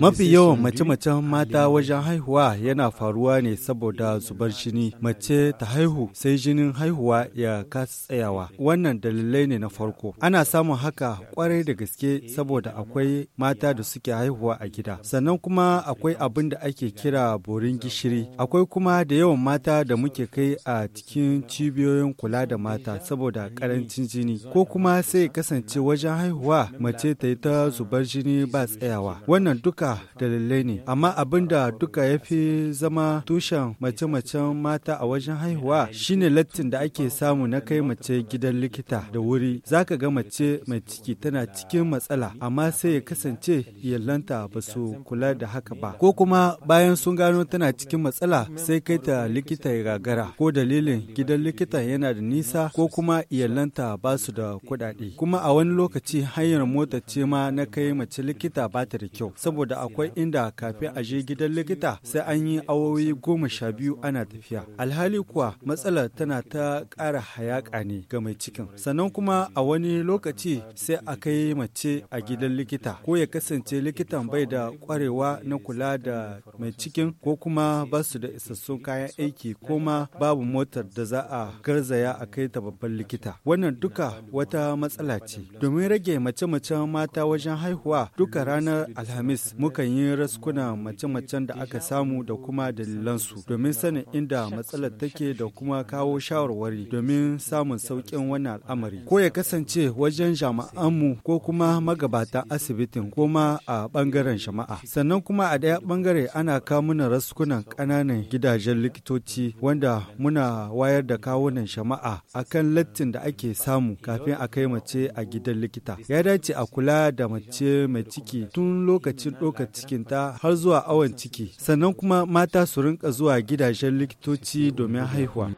Mafi yawan mace-macen mata wajen haihuwa yana faruwa ne saboda zubar jini. Mace ta haihu sai jinin haihuwa ya kasa tsayawa. Wannan dalilai ne na farko. Ana samun haka kwarai da gaske saboda akwai mata da suke haihuwa a gida. Sannan kuma akwai abin da ake kira borin gishiri. Akwai kuma da yawan mata da muke kai a cikin cibiyoyin kula da mata saboda karancin jini. Ko kuma sai kasance wajen haihuwa mace ta yi ta zubar zubar jini ba tsayawa wannan duka dalilai ne amma abin da duka ya fi zama tushen mace-macen mata a wajen haihuwa shine lattin da ake samu na kai mace gidan likita da wuri zaka ga mace mai ciki tana cikin matsala amma sai ya kasance iyalanta ba su kula da haka ba ko kuma bayan sun gano tana cikin matsala sai kai ta likita ya gagara ko dalilin gidan likita yana da nisa ko kuma iyalanta ba su da kuɗaɗe kuma a wani lokaci hanyar mota ce ma na kai mace likita ba ta da kyau saboda akwai inda kafin a je gidan likita sai an yi awowi goma sha biyu ana tafiya alhali kuwa matsalar tana ta ƙara hayaƙa ne ga mai cikin sannan kuma a wani lokaci sai a kai mace a gidan likita ko ya kasance likitan bai da ƙwarewa na kula da mai cikin ko kuma ba su da isassun kayan aiki ko ma babu motar da za a garzaya a kai ta babban likita wannan duka wata matsala ce domin rage mace-macen mata wajen haihuwa haihuwa duka ranar Alhamis mukan yi raskuna mace-macen da aka samu da kuma dalilansu domin sanin inda matsalar take da kuma kawo shawarwari domin samun sauƙin wannan al'amari. Ko ya kasance wajen jama'anmu ko kuma magabatan asibitin ko ma a ɓangaren jama'a. Sannan kuma a ɗaya ɓangare ana kamuna raskunan ƙananan gidajen likitoci wanda muna wayar da kawunan jama'a akan lattin da ake samu kafin a kai mace a gidan likita. Ya dace a kula da mace ce mai ciki tun lokacin ɗaukar cikinta har zuwa awon ciki sannan kuma mata su rinka zuwa gidajen likitoci domin haihuwa.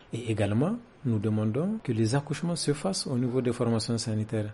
nous demandons que les accouchements se fassent au niveau des formations sanitaires.